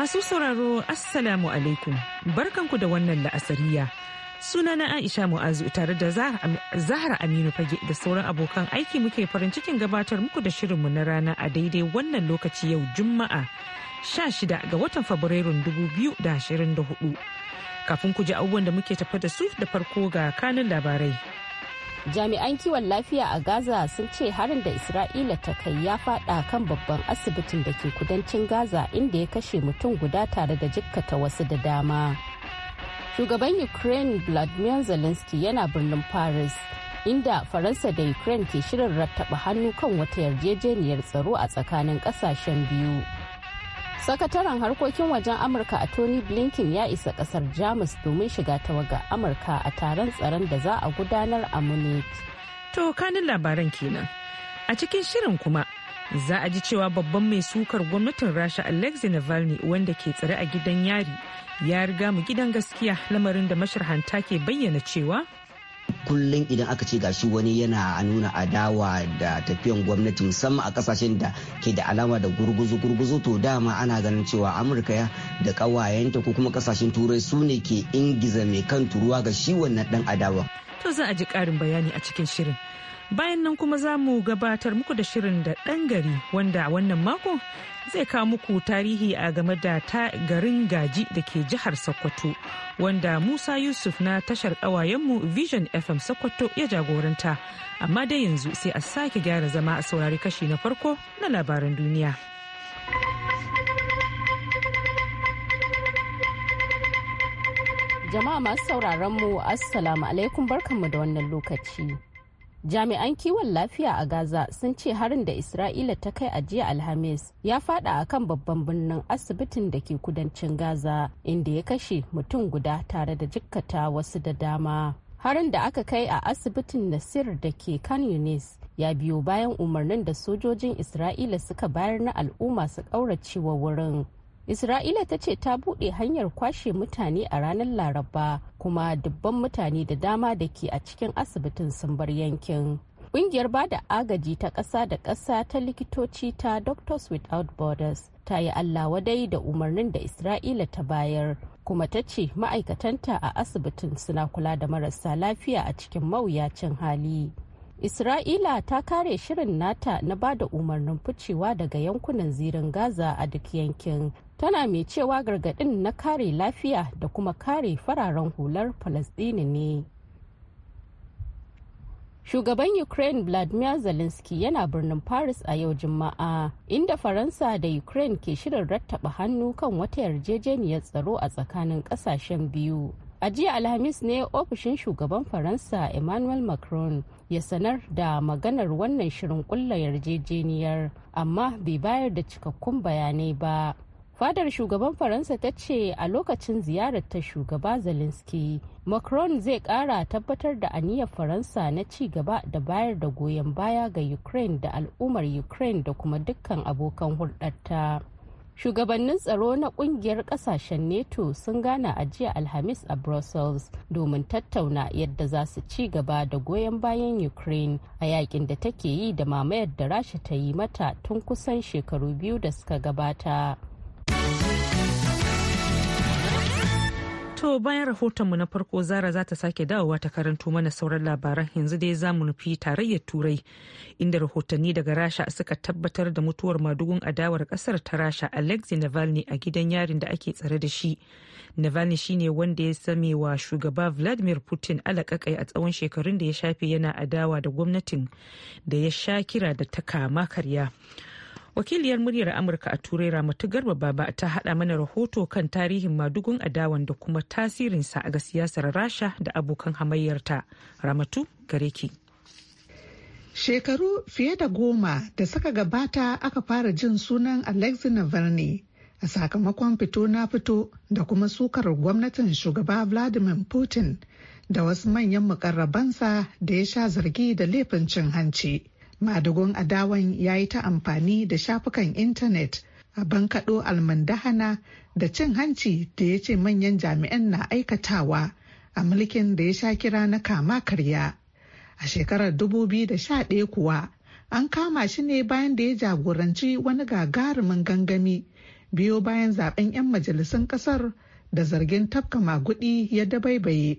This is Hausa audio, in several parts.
Masu sauraro Assalamu alaikum barkanku da wannan la'asariya. Sunana Aisha Mu'azu tare da Zahra Aminu Fage da sauran abokan aiki muke farin cikin gabatar muku da shirinmu na rana a daidai wannan lokaci yau Juma'a 16 ga watan Fabrairun 2024. Kafin ku ji abubuwan da muke tafa da su da farko ga kanin labarai. jami'an kiwon lafiya a gaza sun ce harin da isra'ila ta kai ya fada kan babban asibitin da ke kudancin gaza inda ya kashe mutum guda tare da jikkata wasu da dama shugaban ukraine vladimir zelensky yana birnin paris inda faransa da ukraine ke shirin rattaba hannu kan wata yarjejeniyar tsaro a tsakanin kasashen biyu sakataren harkokin wajen amurka a tony blinken ya isa kasar jamus domin shiga tawaga amurka a taron tsaron da za a gudanar a munich to kanin labaran kenan a cikin shirin kuma za a ji cewa babban mai sukar gwamnatin rasha alexei navalny wanda ke tsare a gidan yari ya riga mu gidan gaskiya lamarin da masharhanta ke bayyana cewa kullum idan aka ce gashi wani yana nuna adawa da tafiyan gwamnati musamman a kasashen da ke da alama da gurguzu gurguzu to dama ana ganin cewa amurka da kawayenta ko kuma kasashen turai su ne ke ingiza mai kan turuwa ga shi wannan dan adawa to za a ji karin bayani a cikin shirin bayan nan kuma za mu gabatar muku da shirin da ɗan gari wanda wannan mako zai kawo muku tarihi a game da ta garin gaji da ke jihar sokoto wanda musa yusuf na tashar ƙawayenmu vision fm sokoto ya jagoranta amma dai yanzu sai a sake gyara zama a saurari kashi na farko na labaran duniya. Jama'a masu sauraron mu Assalamu alaikum barkanmu da wannan lokaci. jami'an kiwon lafiya a gaza sun ce harin da isra'ila ta kai a jiya alhamis ya fada a kan babban birnin asibitin da ke kudancin gaza inda ya kashe mutum guda tare da jikkata wasu da dama harin da aka kai a asibitin nasir da ke kan yunis ya biyo bayan umarnin da sojojin isra'ila suka bayar na al'umma su ƙauracewa wurin isra'ila ta ce ta buɗe hanyar kwashe mutane a ranar laraba kuma dubban mutane da dama da ke a cikin asibitin sun bar yankin Ƙungiyar bada agaji ta ƙasa da ƙasa ta likitoci ta Doctors Without Borders ta yi Allah wadai da umarnin da Isra'ila ta bayar kuma ta ce ma'aikatanta a asibitin suna kula da marasa lafiya a cikin mawuyacin hali. Isra'ila ta kare shirin nata na ba da umarnin ficewa daga yankunan zirin Gaza a duk yankin tana mai cewa gargaɗin na kare lafiya da kuma kare fararen hular palestini ne shugaban ukraine vladimir zelensky yana birnin paris a yau juma'a inda faransa da ukraine ke shirin rattaba hannu kan wata yarjejeniyar tsaro a tsakanin kasashen biyu a jiya alhamis ne ofishin shugaban faransa emmanuel macron ya sanar da maganar wannan shirin kulla yarjejeniyar amma bai bayar da cikakkun bayanai ba fadar shugaban faransa ta ce a lokacin ziyarar ta shugaba zelensky macron zai kara tabbatar da aniyar faransa na ci gaba da bayar da goyon baya ga ukraine da al'ummar ukraine da kuma dukkan abokan hulɗarta shugabannin tsaro na kungiyar kasashen neto sun gana a jiya alhamis a brussels domin tattauna yadda za su ci gaba da goyon bayan ukraine a yakin da take yi da mamayar da rasha ta yi mata tun kusan shekaru biyu da suka gabata To bayan rahotonmu na farko Zara za ta sake dawowa ta karanto mana sauran labaran yanzu dai za mu nufi tarayyar Turai inda rahotanni daga Rasha suka tabbatar da mutuwar madugun adawar kasar ta Rasha Alexei Navalny a gidan yarin da ake tsare da shi. Navalny shine wanda ya same wa shugaba Vladimir Putin alakakai a tsawon shekarun da ya shafe yana adawa da gwamnatin da ya sha kira da ta kama karya. wakiliyar muryar amurka a turai ramatu garba baba ta hada mana rahoto kan tarihin madugun adawan da kuma tasirinsa ga siyasar rasha da abokan hamayyarta ramatu gareki shekaru fiye da goma da suka gabata aka fara jin sunan alexei navalny a sakamakon fito na fito da kuma sukar gwamnatin shugaba vladimir putin da wasu manyan mukarrabansa da ya sha zargi da laifin cin hanci madagon adawan ya yi ta amfani da shafukan intanet a bankaɗo almandahana da cin hanci da ya ce manyan jami'an na aikatawa a mulkin da ya sha kira na kama karya a shekarar 2011 kuwa an kama shi ne bayan da ya jagoranci wani gagarumin gangami biyo bayan zaben 'yan majalisun kasar da zargin tafka magudi ya dabaibaye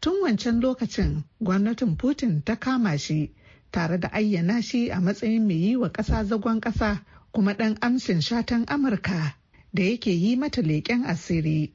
tun wancan lokacin gwamnatin putin ta kama shi tare da ayyana shi a matsayin mai yi wa ƙasa zagon ƙasa kuma ɗan amshin shatan amurka da yake yi mata leƙen asiri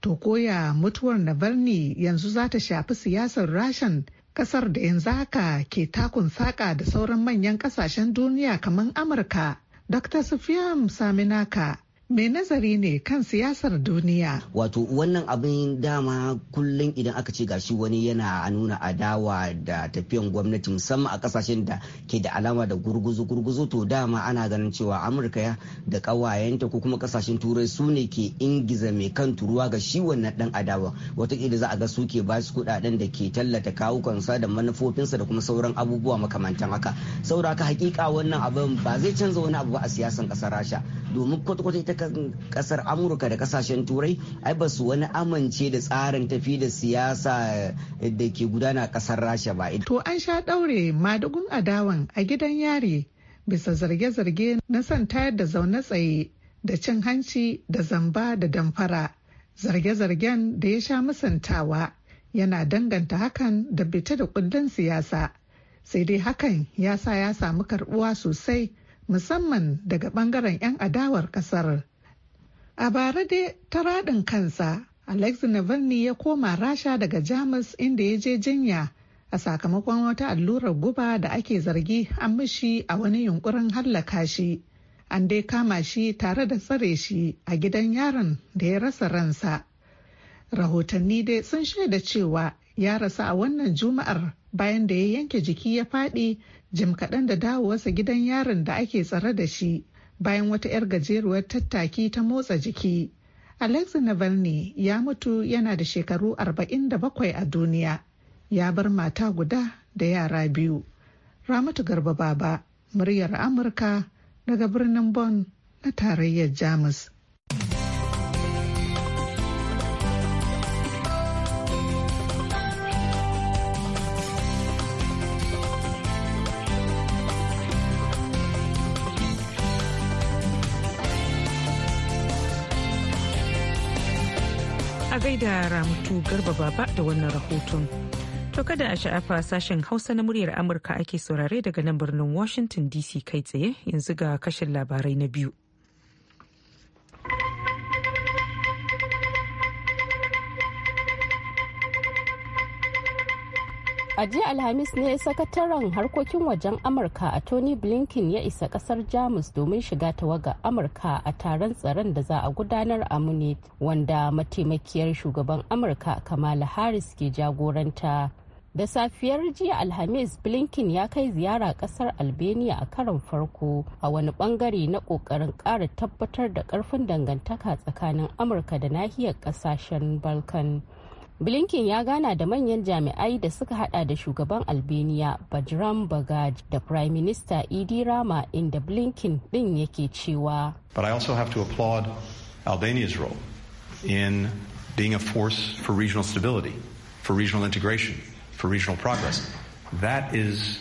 to koya mutuwar navalny yanzu za ta shafi siyasar rashan ƙasar da yanzu haka ke takun saƙa da sauran manyan ƙasashen duniya kamar amurka dr sufiyam saminaka mai nazari ne kan siyasar duniya. Wato wannan abin dama kullum idan aka ce gashi wani yana nuna adawa da tafiyan gwamnati musamman a kasashen da ke da alama da gurguzu gurguzu to dama ana ganin cewa Amurka da kawayenta ko kuma kasashen turai su ne ke ingiza mai kan turuwa ga shi wannan dan adawa watakila za a ga su ke basu kuɗaɗen da ke tallata kawukansa da manufofinsa da kuma sauran abubuwa makamantan haka saboda haka hakika wannan abin ba zai canza wani abu ba a siyasar ƙasar rasha domin kwata-kwata ita kan kasar amurka da kasashen turai ai ba su wani amince da tsarin tafi da siyasa da ke gudana kasar rasha ba to an sha daure madugun adawan a gidan yari bisa zarge-zarge na son tayar da zaune tsaye da cin hanci da zamba da damfara zarge-zargen da ya sha musantawa yana danganta hakan da bita da kundin siyasa sai dai hakan ya sa ya samu karbuwa sosai musamman daga bangaren 'yan adawar kasar. A bara dai ta raɗin kansa, Alex Navalny ya koma rasha daga Jamus inda ya je jinya a sakamakon wata allurar guba da ake zargi an mishi a wani yunkurin hallaka shi. An dai kama shi tare da tsare shi a gidan yaron da ya rasa ransa. Rahotanni dai sun shaida cewa ya rasa a wannan juma'ar bayan da ya yanke jiki ya faɗi jim kaɗan da dawowarsa gidan yaron da ake tsare da shi bayan wata 'yar gajeruwar tattaki ta motsa jiki. Alexei Navalny ya mutu yana da shekaru 47 a duniya. Ya bar mata guda da yara biyu. Ramatu Garba Baba, muryar Amurka daga birnin Bonn na tarayyar Jamus. a gaida ramtu garba baba da wannan rahoton. To kada a sha'afa sashen Hausa na muryar Amurka ake saurare daga nan birnin Washington DC kai tsaye yanzu ga kashin labarai na biyu. A jiya Alhamis ne sakataren harkokin wajen Amurka a Tony Blinken ya isa kasar Jamus domin shiga tawaga Amurka a taron tsaron da za a gudanar a Munich wanda mataimakiyar shugaban Amurka Kamala Harris ke jagoranta. Da safiyar jiya Alhamis Blinken ya kai ziyara kasar Albania a karon farko a wani bangare na kokarin kara tabbatar da karfin dangantaka tsakanin Amurka da nahiyar kasashen Balkan. blinken ya gana da manyan jami'ai da suka hada da shugaban albania bajram bagaj da prime minister idi rama inda blinken din yake cewa but i also have to applaud albania's role in being a force for regional stability for regional integration for regional progress that is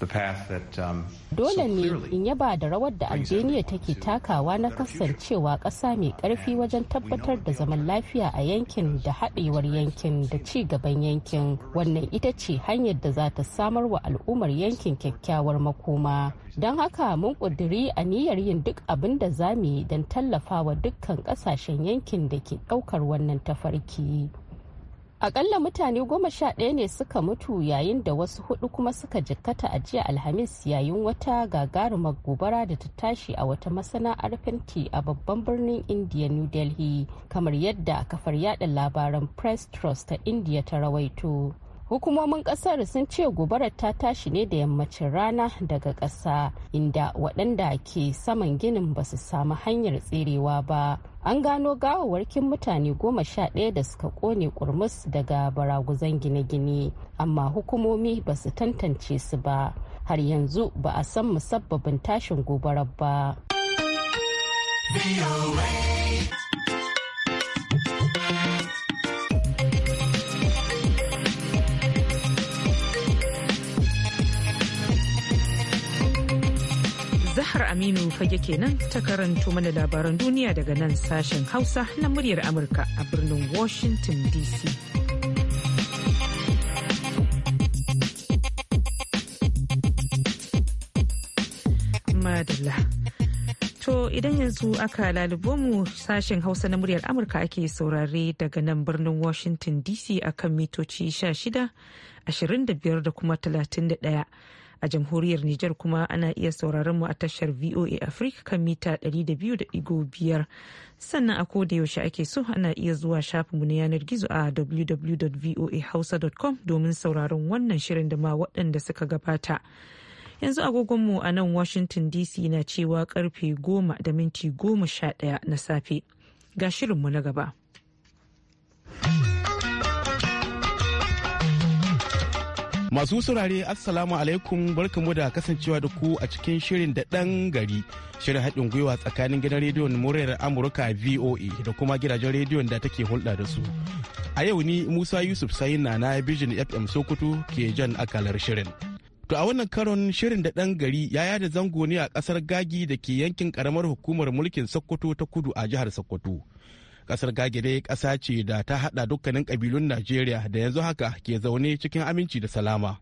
the path that um, dole ne in yaba da rawar da albania take takawa na kasancewa ƙasa mai ƙarfi wajen tabbatar da zaman lafiya a yankin da haɗewar yankin da ci gaban yankin wannan ita ce hanyar da za ta samar wa al'ummar yankin kyakkyawar makoma don haka mun ƙudiri aniyar yin duk abin da za mu yi don tallafawa dukkan ƙasashen yankin da ke ɗaukar wannan tafarki. akalla mutane goma sha ɗaya ne suka mutu yayin da wasu hudu kuma suka jikkata a jiya alhamis yayin wata gagarumar gobara da ta tashi a wata masana'ar fenti a babban birnin india new delhi kamar yadda kafar yada labaran press trust ta india ta rawaito hukumomin kasar sun ce gobarar ta tashi ne da yammacin rana daga ƙasa inda waɗanda ke saman ginin ba su samu hanyar tserewa ba an gano gawawarkin mutane goma sha ɗaya da suka kone kurmus daga baraguzan gine-gine amma hukumomi ba su tantance su ba har yanzu ba a san musabbabin tashin gobarar ba. Aminu fage kenan ta karanto mana labaran duniya daga nan sashen Hausa na muryar Amurka a birnin Washington DC. Madalla. To idan yanzu aka lalubo mu sashen Hausa na muryar Amurka ake saurare daga nan birnin Washington DC akan mitoci 16, 25 da kuma 31. a jamhuriyar Nijar kuma ana iya sauraron mu a tashar VOA Africa kan mita 200.5 sannan a koda yaushe ake so ana iya zuwa shafinmu na yanar gizo a www.voahausa.com domin sauraron wannan shirin da ma waɗanda suka gabata. Yanzu agogonmu a nan Washington DC na cewa karfe goma da minti goma sha ɗaya na safe. Ga shirinmu na gaba. Masu saurare Assalamu alaikum barkamu da kasancewa da ku a cikin shirin da ɗan gari shirin haɗin gwiwa tsakanin gidan rediyon muryar Amurka VOA da kuma gidajen rediyon da take hulɗa da su. A yau ni Musa Yusuf Sayina na bijin FM Sokoto ke jan akalar shirin. To a wannan karon shirin da ɗan gari ya yada zango ne a ƙasar Gagi da ke yankin karamar hukumar mulkin Sokoto ta kudu a jihar Sokoto. Kasar Gagere kasa ce da ta hada dukkanin kabilun Najeriya da yanzu haka ke zaune cikin aminci da salama.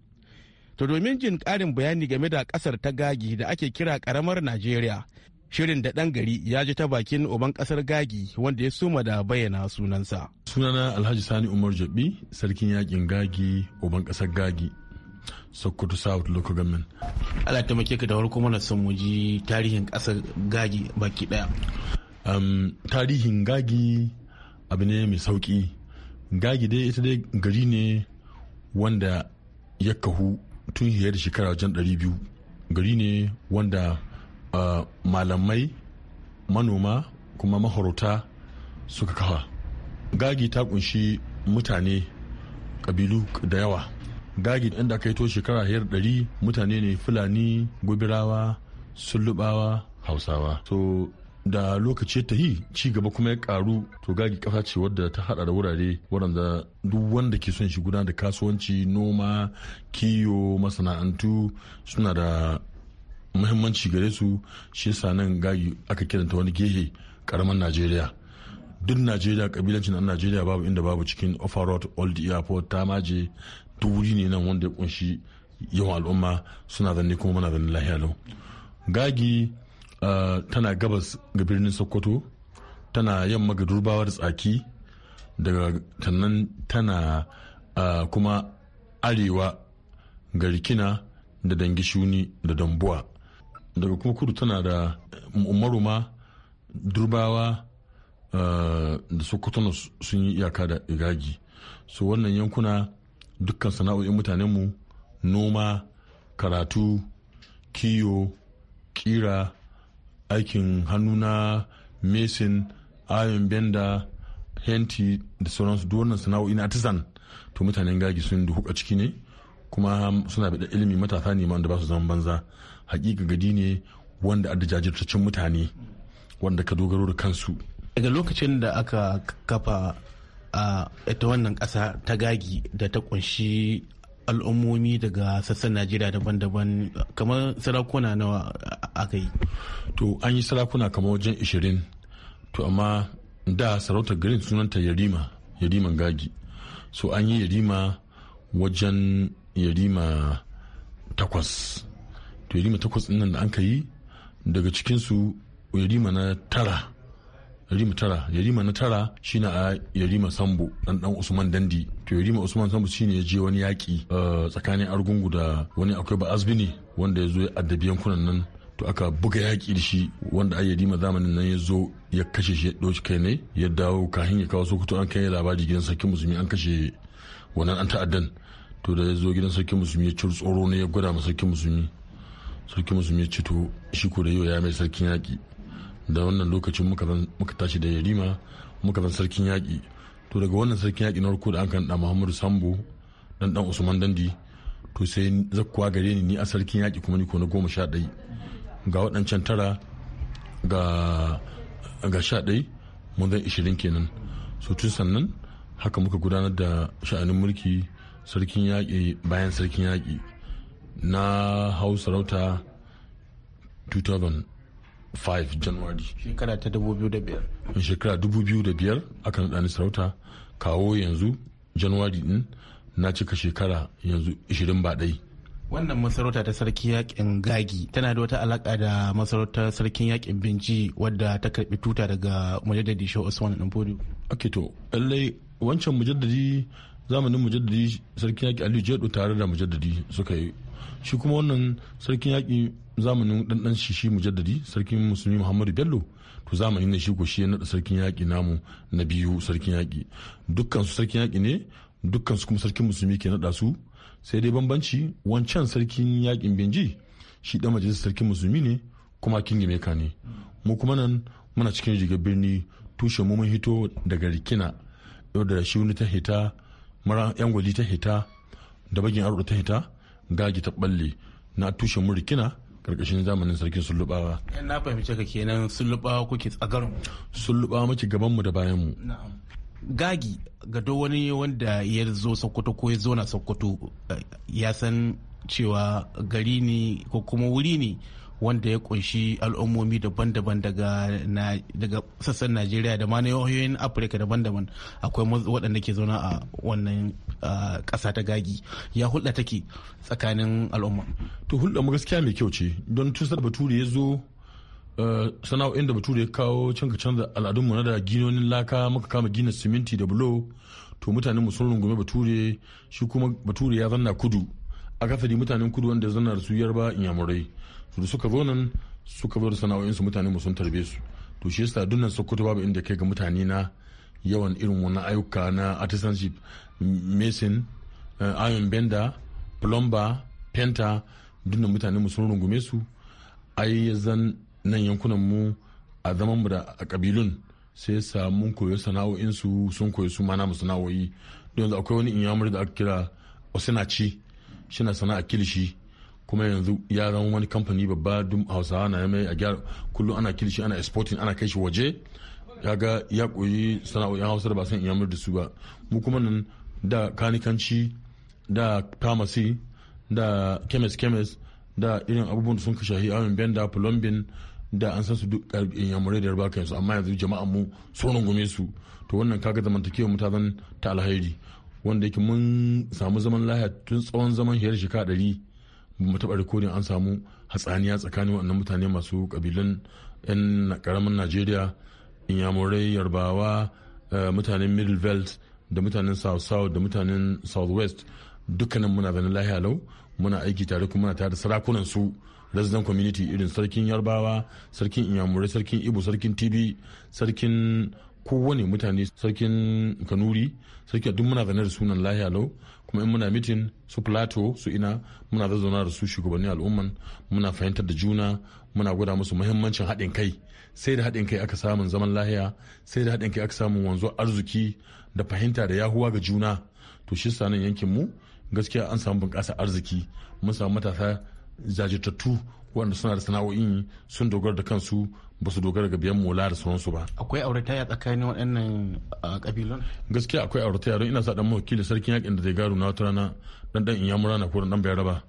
To domin jin karin bayani game da kasar ta Gagi da ake kira karamar Najeriya, shirin da ɗan gari ya ji ta bakin uban kasar Gagi wanda ya suma da bayyana sunansa. Sunana Alhaji Sani Umar Jabi, sarkin yakin Gagi, uban kasar Gagi. sokoto south local government ala ta make ka da farko mana son mu ji tarihin kasar gagi baki daya um, tarihin gagi abu ne mai sauki gagi dai ita dai gari ne wanda ya kahu tun hiyar da shekara wajen 200 gari ne wanda uh, malamai manoma kuma mahorota suka kafa gagi ta kunshi mutane kabilu da yawa gagi inda kai to shekara hiyar dari mutane ne fulani gubirawa sulubawa hausawa so da lokaci ta yi ci gaba kuma ya karu to gagi kasa ce wadda ta hada da wurare waɗanda duk wanda ke son shi gudanar da kasuwanci noma kiyo masana'antu suna da muhimmanci gare su shi yasa nan gagi aka kiranta wani gehe karamar najeriya duk najeriya kabilancin na najeriya babu inda babu cikin offerot old airport ta maje wuri ne nan wanda ya kunshi yawan al'umma suna zanne kuma muna zanne lahiya lau gagi Uh, tana gabas ga birnin sokoto tana yamma ga durbawa tsaki daga tannan tana uh, kuma arewa ga rikina da dangi da dambuwa daga kuma kudu tana da maruma durbawa uh, da sokoto sun yi iyaka da igagi so wannan yankuna dukkan sana'o'in mutanenmu noma karatu kiyo kira aikin hannu na mesin ayon benda henti da sauransu duwannan wannan sana'o'i na artisan to mutanen gagi sun duhu a ciki ne kuma suna bada ilimi matasa ne ma da ba su zaman banza hakika gadi ne wanda adda jajirtaccen mutane wanda ka dogaro da kansu daga lokacin da aka kafa a ita wannan ƙasa ta gagi da ta kunshi al'ummomi daga sassan najeriya daban-daban kamar sarakuna nawa aka yi to an yi sarakuna kamar wajen 20 to amma da sarautar garin sunanta yarima yariman gagi so an yi yarima wajen yarima takwas to yarima takwas nan da an ka yi daga cikinsu yarima na tara yarima tara yarima na tara shine a yarima sambo dan dan usman dandi to yarima usman sambo shine ya je wani yaki eh, tsakanin argungu da wani akwai ba azbini wanda ya zo ya addabi yankunan nan to aka buga yaki da shi wanda ai yarima zamanin nan ya zo ya kashe shi ya ɗauki kai ne ya dawo kahin ya kawo sokoto an kai labari gidan sarkin musulmi an kashe wannan an ta'addan to da ya zo gidan sarkin musulmi ya cir tsoro ne ya gwada ma sarkin musulmi sarkin musulmi ya ce to shi ko da yau ya mai sarkin yaki da wannan lokacin muka tashi da yarima muka zan sarkin yaƙi to daga wannan sarkin yaƙi na farko da an da muhammadu sambo dan dan usman dandi to sai zakkuwa gare ni ni a sarkin yaƙi kuma ni ko na goma sha ɗai ga waɗancan tara ga ga sha ɗai mun zan ishirin kenan so tun sannan haka muka gudanar da sha'anin mulki sarkin yaƙi bayan sarkin yaƙi na hau sarauta 2000 5 january shekara ta 2005 shekara 2005 aka naɗa ni sarauta kawo yanzu january din na cika shekara yanzu 20 ba dai wannan masarauta ta sarki yakin gagi tana da wata alaka da masarautar sarkin yakin binci wadda ta karbi tuta daga mujaddadi shehu usman dan bodu ake to lallai wancan mujaddadi zamanin mujaddadi sarkin yaki aliyu jedo tare da mujaddadi suka yi shi kuma wannan sarkin yaki zamanin ɗanɗan shishi mujaddadi sarkin musulmi muhammadu bello to zamanin na shi ko shi ya naɗa sarkin yaƙi namu na biyu sarkin yaƙi dukkansu sarkin yaƙi ne dukkansu kuma sarkin musulmi ke naɗa su sai dai bambanci wancan sarkin yaƙin benji shi ɗan majalisar sarkin musulmi ne kuma kingi meka ne mu kuma nan muna cikin jigar birni tushe mu mun hito daga rikina yau da shi wani ta hita mara yan gwali ta hita da bagin arɗo ta hita gagi ta balle na tushe mu rikina karkashin zamanin sarkin sullubawa eh, na fahimci ka kenan sullubawa kuke tsagarin sullubawa muke gaban mu da bayan mu gagi ga duk wani wanda ya zo sokoto ko ya zo na sokoto eh, ya san cewa gari ne ko kuma wuri ne wanda ya kunshi al'ummomi daban-daban daga sassan najeriya da ma na afirka daban-daban akwai waɗanda ke zauna a wannan ƙasa ta gagi ya hulɗa take tsakanin al'umma to hulɗa mu gaskiya mai kyau ce don tusar bature ya zo eh, sana'o'in da bature ya kawo canka canza al'adunmu na da ginonin laka muka kama gina siminti da bulo to mutanen mu sun rungume bature shi kuma bature ya zanna kudu a akasari mutanen kudu wanda zanna da su yarba inyamurai da suka zo nan suka bar sana'o'insu mutane mu sun tarbe su to shi yasa dunnan sokoto babu inda kai ga mutane na yawan irin wannan ayyuka na artisanship mason eh, iron bender plumber penta dunnan mutane mu sun rungume su ai zan nan yankunan mu a zaman mu da a kabilun sai mun koyo sana'o'insu sun koyo su mana mu sana'o'i don akwai wani inyamur da aka kira osinaci shi na sana'a kilishi kuma yanzu ya zama wani kamfani babba dum hausawa na mai a gyara kullum ana kilishi ana exporting ana kai shi waje ya ga ya koyi sana'o'in hausa da ba san iyamur da su ba mu kuma nan da kanikanci da pharmacy da chemist chemist da irin abubuwan da sun ka shahi awon benda plumbing da an san su duk iyamurai da yarba su amma yanzu jama'a mu sun gome su to wannan kaga zamantakewa mu ta zan ta alheri wanda yake mun samu zaman lahiya tun tsawon zaman hiyar shekara ɗari mu taɓa rikodin an samu hatsaniya tsakanin waɗannan mutane masu kabilan 'yan ƙaramin najeriya inyamurai yarbawa eh, mutanen middle belt da mutanen south south da mutanen south west. dukkanin muna zanen lahiya lau muna aiki tare kuma muna tare da sarakunan su resident community irin sarkin yarbawa sarkin inyamurai sarkin ibo sarkin tibi sarkin kowane mutane sarkin kanuri sarki duk muna zane da sunan lahiya lau kuma in muna mitin su plato su ina muna zazzauna da su shugabannin al'umman muna fahimtar da juna muna gwada musu muhimmancin haɗin kai sai da haɗin kai aka samun zaman lahiya sai da haɗin kai aka samun wanzuwar arziki da fahimta da yahuwa ga juna to shi sanan yankin mu gaskiya an samu bunƙasa arziki mun samu matasa jajirtattu wanda suna da sana'o'in sun dogara da kansu ba su dogara ga biyan mola da sauransu ba. Akwai auratayya tsakanin waɗannan ƙabilun? Gaskiya akwai auratayya don ina sa ɗan mawaki da sarkin yakin da zai garu na wata rana ɗan ɗan inyamura rana ko ɗan raba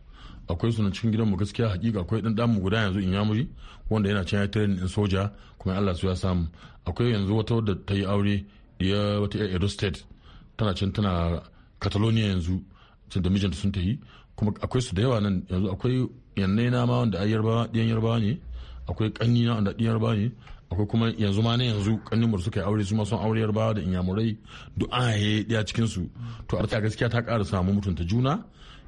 Akwai sunan cikin gidanmu gaskiya hakika akwai ɗan ɗanmu guda yanzu inyamuri wanda yana can ya tirin soja kuma Allah su ya samu. Akwai yanzu wata wadda ta yi aure ya wata Edo State tana can tana Catalonia yanzu can da mijinta sun ta yi kuma akwai su da yawa nan yanzu akwai yanne na ma wanda ayyar ba ɗiyan yarba ne akwai ƙanni na wanda ɗiyan ba ne akwai kuma yanzu ma na yanzu ƙannin mursu kai aure su ma sun aure yarba da inyamurai duk an haye ɗiya cikin su to a gaskiya ta ƙara samu mutunta juna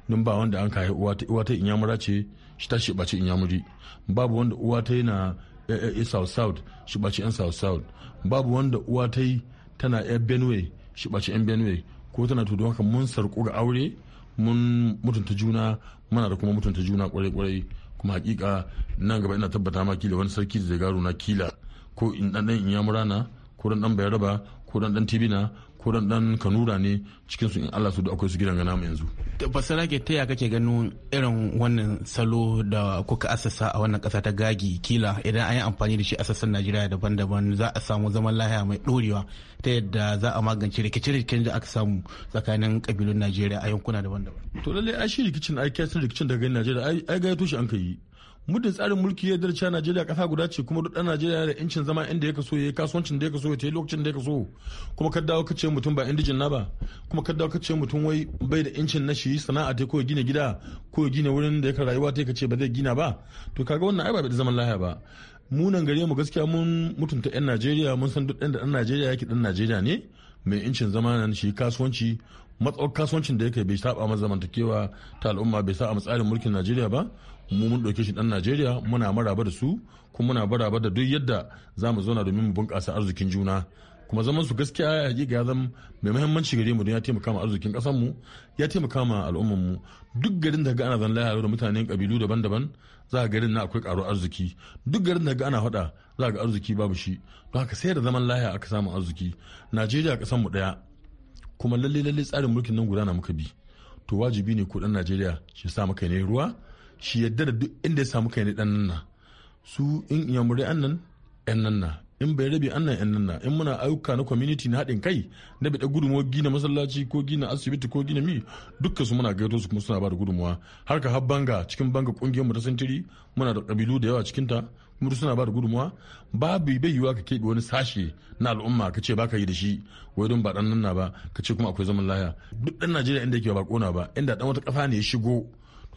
don ba wanda an kayi uwa ta uwa ta inyamura ce shi ta shibaci inyamuri babu wanda uwa ta yana ya south south shibaci yan south south babu wanda uwa ta yi tana yan benue shibaci yan benue ko tana to don haka mun sarku ga aure mun mutunta juna muna da kuma mutunta juna kwarai-kwarai kuma hakika nan gaba ina tabbata ma kila wani sarki da zai garu na kila ko in dan in ya murana ko dan dan bayaraba ko dan dan tibina ko dan kanura ne cikin su in Allah su da akwai su gidan gana mu yanzu basira ke taya kake ganin irin wannan salo da kuka asasa a wannan kasa ta gagi kila idan an yi amfani da shi a sassan Najeriya daban-daban za a samu zaman lahiya mai dorewa ta yadda za a magance rikice-rikicen da aka samu tsakanin kabilun Najeriya a yankuna daban-daban to lalle ai shi rikicin ai kyasin rikicin daga Najeriya ai ga tushe an kai muddin tsarin mulki ya darce Najeriya kasa guda ce kuma duk dan Najeriya da incin zama inda ya kaso yayi kasuwancin da ya kaso yayi lokacin da ya kaso kuma ka dawo ka ce mutum ba indijin na ba kuma ka ka ce mutum wai bai da incin na shi sana'a ta ko gina gida ko gina wurin da yake rayuwa ta ce ba zai gina ba to kaga wannan ai ba da zaman lahiya ba munan gare mu gaskiya mun mutunta yan Najeriya mun san duk dan da dan Najeriya yake dan Najeriya ne mai incin zama nan shi kasuwanci matsawar kasuwancin da yake bai saba masa zamantakewa ta al'umma bai saba tsarin mulkin najeriya ba mu mun ɗauke shi ɗan najeriya muna maraba da su kuma muna maraba da duk yadda za mu zauna domin mu bunƙasa arzikin juna kuma zaman su gaskiya ya hakika ya zama mai muhimmanci gare mu don ya taimaka ma arzikin kasar mu ya taimaka ma al'ummar mu duk garin da ga ana zan lahiyar da mutanen kabilu daban-daban za a garin na akwai karuwar arziki duk garin da ga ana hada za ga arziki babu shi don haka sai da zaman lahiya aka samu arziki najeriya kasar mu daya kuma lalle lalle tsarin mulkin nan gudana muka bi to wajibi ne ko dan najeriya shi sa maka ne ruwa shi yadda da duk inda ya samu kai ne dan nan su in iya an nan yan nan na in bai rabe annan yan nan in muna ayyuka na community na haɗin kai na bi da gudunmuwa gina masallaci ko gina asibiti ko gina mi dukkan su muna gaito su kuma suna ba da gudunmuwa har ka banga cikin banga kungiyar mu ta sintiri muna da kabilu da yawa cikin ta kuma suna ba da gudunmuwa babu bai yiwa ka keɓe wani sashe na al'umma ka ce baka yi da shi wai don ba dan nan ba ka ce kuma akwai zaman laya duk dan Najeriya inda yake ba kona ba inda dan wata kafa ne ya shigo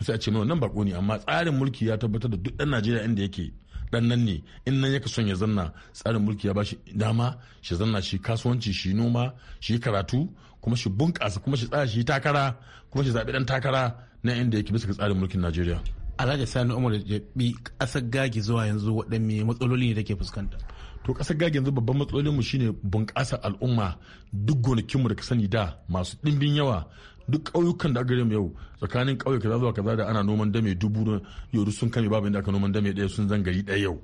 sai a ce mana nan ba ne amma tsarin mulki ya tabbatar da duk dan Najeriya inda yake dan nan ne in nan yaka son ya zanna tsarin mulki ya bashi dama shi zanna shi kasuwanci shi noma shi karatu kuma shi bunƙasa kuma shi tsaya shi takara kuma shi zabi dan takara na inda yake bisa tsarin mulkin Najeriya. Alhaji Sani Umar bi kasar gagi zuwa yanzu waɗanne matsaloli ne take fuskanta? To ƙasar gagi yanzu babban matsalolin mu shine bunƙasar al'umma duk gonakinmu da ka sani da masu ɗimbin yawa duk ƙauyukan da aka gare mu yau tsakanin ƙauye kaza zuwa kaza da ana noman dame dubu na yau sun kame babu inda aka noman dame ɗaya sun yi ɗaya yau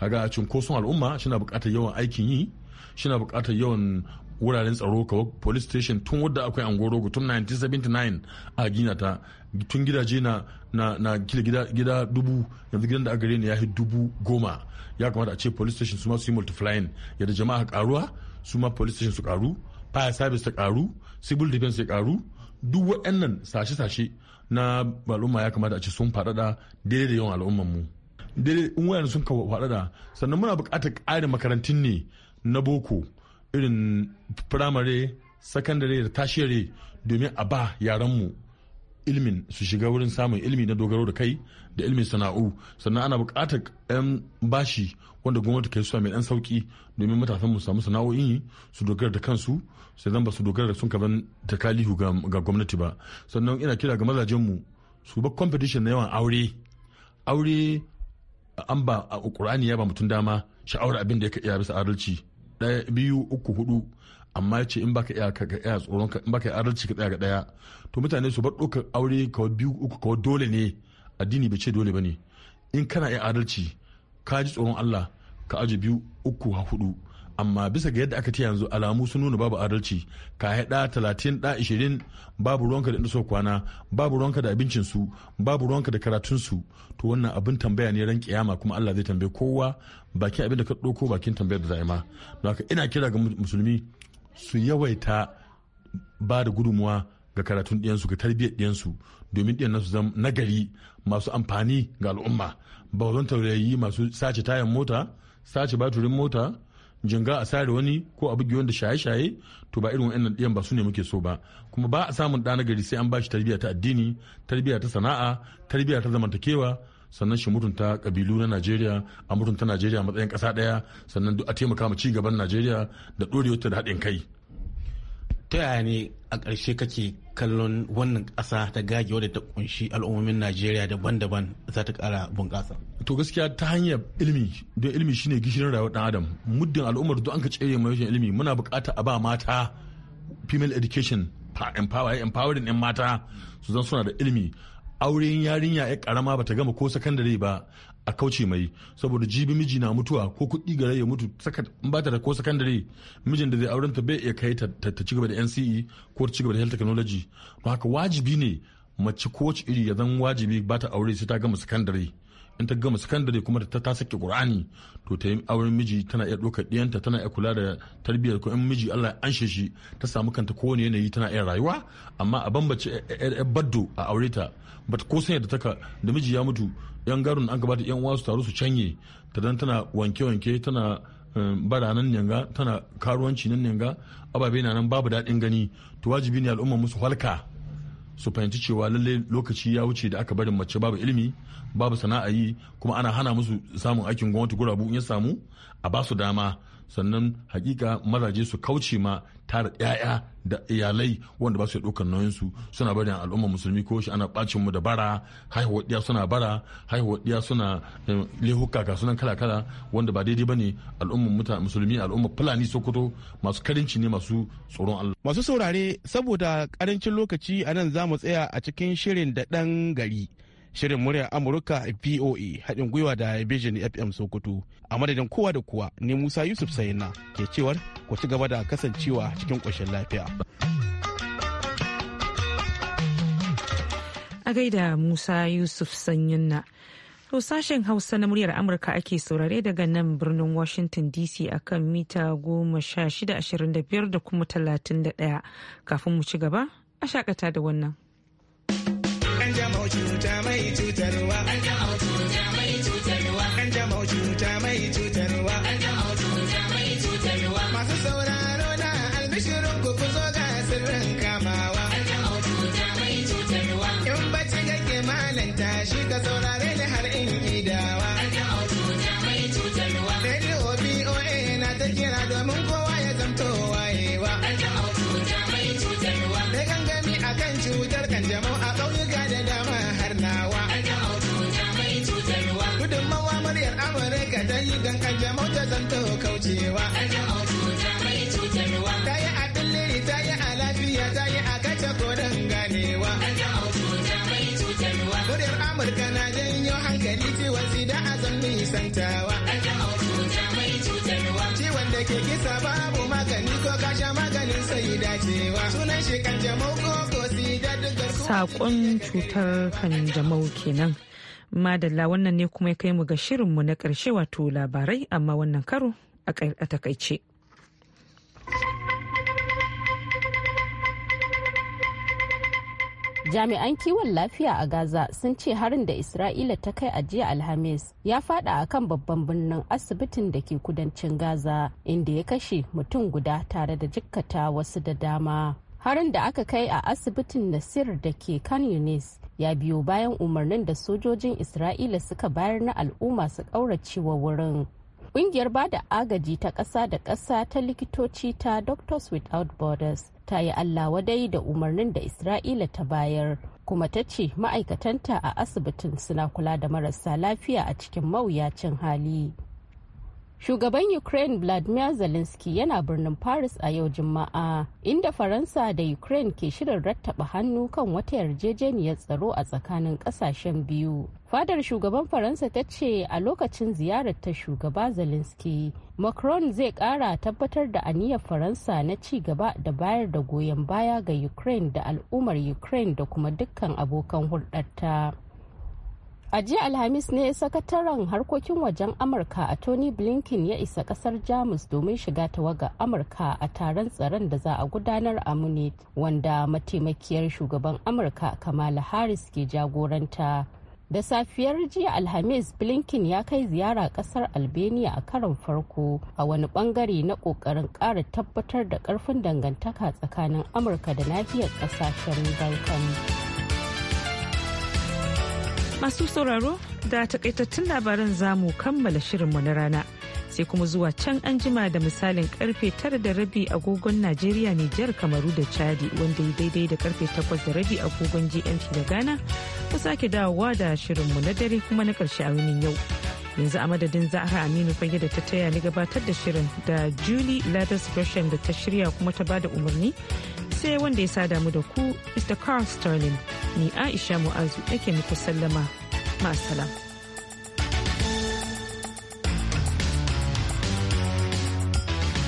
kaga sun al'umma shi na buƙatar yawan aikin yi shi na buƙatar yawan wuraren tsaro kawo police station tun wadda akwai angorogo tun 1979 a gina ta tun gidaje na na gida, gida dubu yanzu gidan da agare ne ya dubu goma ya kamata a ce police station su ma su yi multiplying yadda jama'a karuwa su ma police station su karu fire service ta karu civil defense ya karu duk waɗannan sashe-sashe na al'umma ya kamata a ce sun faɗaɗa daidai da yawan al'ummar mu daidai in wayan sun faɗaɗa sannan muna buƙatar ƙarin makarantun ne na boko irin firamare sakandare da tashiyare domin a ba mu ilmin su shiga wurin samun ilmi na dogaro da kai da ilmin sana'u sannan ana buƙatar 'yan bashi wanda gwamnati kai suwa mai ɗan sauƙi domin matasan mu samu sana'o'in yi su dogara da kansu sai zan ba su dogara da sun kaban takalihu ga gwamnati ba sannan ina kira ga mazajen mu su ba competition na yawan aure aure an ba a ƙur'ani ya ba mutum dama sha'awar abin da ya iya bisa adalci ɗaya biyu uku hudu amma ya ce in baka iya ka iya tsoron ka in baka adalci ka tsaya ga daya to mutane su bar ɗaukar aure kawai biyu uku kawai dole ne addini bai ce dole ba ne in kana iya adalci ka ji tsoron Allah ka aji biyu uku ha hudu amma bisa ga yadda aka ce yanzu alamu sun nuna babu adalci ka haɗa talatin da ishirin babu ruwanka da inda kwana babu ruwanka da abincinsu babu ruwanka da karatunsu to wannan abin tambaya ne ran kiyama kuma Allah zai tambaye kowa bakin abin da ka ɗauko bakin tambayar da za ma ina kira ga musulmi su yawaita ba da gudunmuwa ga karatun ɗiyansu ga tarbiyyar ɗiyansu domin ɗiyan nasu zama nagari masu amfani ga al'umma ba zan taurayi masu sace tayan mota sace baturin mota jinga a sare wani ko a bugi wanda shaye-shaye to ba irin wa'annan ɗiyan ba su ne muke so ba kuma ba a samun ɗa nagari sai an ba shi tarbiyya ta addini tarbiyya ta sana'a tarbiyya ta zamantakewa sannan shi mutunta kabilu na najeriya a mutunta najeriya matsayin kasa daya sannan duk a taimaka ma ci gaban najeriya da ɗorewar da haɗin kai ta yaya ne a ƙarshe kake kallon wannan ƙasa ta gage wadda ta kunshi al'ummomin najeriya daban-daban za ta ƙara bunƙasa to gaskiya ta hanyar ilimi don ilimi shine gishirin rayuwar ɗan adam muddin al'ummar duk an ka tsere mai rashin ilimi muna buƙata a ba mata female education empowering empowering mata su zan suna da ilimi auren yarinya ya karama bata gama ko sakandare ba a kauce mai saboda jibi miji na mutuwa ko kuɗi gare ya mutu in ba ta da ko sakandare mijin da zai auren ta bai iya kai ta cigaba da NCE ko ta cigaba da health technology haka wajibi ne mace ko iri ya zan wajibi ba ta aure sai ta gama sakandare in ta gama sakandare kuma ta ta sake qur'ani to ta yi auren miji tana iya ɗaukar ɗiyanta tana iya kula da tarbiyyar ko in miji Allah ya anshe shi ta samu kanta kowane yanayi tana iya rayuwa amma a bambance yar baddo a aure ta bata ko sanya da taka da miji ya mutu yan garun an gabata yan uwa su taru su canye ta dan tana wanke wanke tana um, bara nan yanga tana karuwanci nan yanga ababe na nan babu daɗin gani to wajibi ne al'umma musu halka su fahimci cewa lallai lokaci ya wuce da aka barin mace babu ilimi babu sana'a yi kuma ana hana musu samun aikin gwamnati gurabu in ya samu a ba su dama sannan hakika mazaje su kauce ma tara 'ya'ya da iyalai wanda ba su ɗaukar nauyinsu suna barin al'ummar musulmi ko shi ana bacin mu da bara haihuwar ɗiya suna bara haihuwar ɗiya suna eh, lehuka ga sunan kala kala wanda ba daidai bane al'ummar mutane musulmi al'ummar fulani sokoto masu karinci ne masu tsoron Allah masu saurare saboda karancin lokaci anan za mu tsaya a cikin shirin da ɗan gari Shirin muryar Amurka VOA e, haɗin gwiwa da Vision FM Sokoto. A madadin kowa da kowa ne Musa Yusuf Sayina ke cewar ku ci gaba da kasancewa cikin ƙoshin lafiya. A gaida Musa Yusuf Sanyinna. To sashen Hausa na muryar Amurka ake saurare daga nan birnin Washington DC akan mita goma sha shida ashirin da biyar da kuma talatin da ɗaya kafin mu ci gaba a shakata da wannan. Kanjamau cuta mai cutarwa. Kanjamau cuta mai cutarwa. cuta mai cutarwa. mai cutarwa. Masu sauraro na albishirin ku ku zo ga sirrin kamawa. mai cutarwa. In bacci kake malanta shi ka saurare ni har in gidawa. mai cutarwa. Radio BOA na ta kira domin kowa ya zamto wayewa. mai cutarwa. Da gangami akan cutar ka dai gan kanjamau ta zanto kaucewa. Kanjamau cuta mai cutarwa. Ta yi a billiri ta yi a lafiya ta yi a kace koren ganewa. Kanjamau cuta mai cutarwa. Muryar Amurka na janyo hankali ciwon sida a zan nisantawa. Kanjamau cuta mai cutarwa. Ciwon da ke kisa babu magani ko kasha maganin sai dacewa. Sunan shi kanjamau ko ko sida duk Saƙon cutar kanjamau kenan. Madalla wannan ne kuma ya kai mu ga shirin mu na ƙarshe wato labarai amma wannan karo a takaice. jami'an kiwon lafiya a gaza sun ce harin da isra'ila ta kai a jiya alhamis ya fada a kan babban birnin asibitin da ke kudancin gaza inda ya kashe mutum guda tare da jikkata wasu da dama harin da aka kai a asibitin nasir da ke kan yunis ya biyo bayan umarnin da sojojin isra'ila suka bayar na al'umma su wa wurin Ƙungiyar ba da agaji ta ƙasa da ƙasa ta likitoci ta Doctors Without Borders ta yi Allah wadai da umarnin da Isra'ila ta bayar, kuma ta ce ma'aikatanta a asibitin suna kula da marasa lafiya a cikin mawuyacin hali. Shugaban Ukraine Vladimir Zelensky yana birnin Paris a yau Juma'a, inda Faransa da Ukraine ke shirin rattaba hannu kan wata yarjejeniyar tsaro a tsakanin kasashen biyu. Fadar shugaban Faransa ta ce a lokacin ziyarar ta shugaba Zelensky, Macron zai kara tabbatar da aniyar Faransa na ci gaba da bayar da goyon baya ga Ukraine da al'ummar Ukraine da kuma dukkan abokan hulɗarta. A jiya Alhamis ne sakataren harkokin wajen Amurka a Tony Blinken ya isa kasar Jamus domin shiga tawaga Amurka a taron tsaron da za a gudanar a Munich wanda mataimakiyar shugaban Amurka Kamala Harris ke jagoranta. Da safiyar jiya Alhamis Blinken ya kai ziyara kasar Albania a karon farko a wani bangare na kokarin kara tabbatar da karfin dangantaka tsakanin Amurka da nahiyar kasashen Balkan. Masu sauraro da takaitattun labaran zamu kammala shirinmu na rana. Sai kuma zuwa can an jima da misalin karfe tara da rabi agogon Najeriya Nijar Kamaru da Chadi wanda ya daidai da karfe takwas da rabi agogon GMT da Ghana. Ku sake dawowa da shirinmu na dare kuma na karshe a wunin yau. yanzu a madadin zahra aminu fage da ta taya ni gabatar da shirin da julie ladas gresham da ta shirya kuma ta bada umarni sai wanda ya sada mu da ku Mr. Carl Sterling ni Aisha Mu'azu nake muku sallama. Ma'asalam.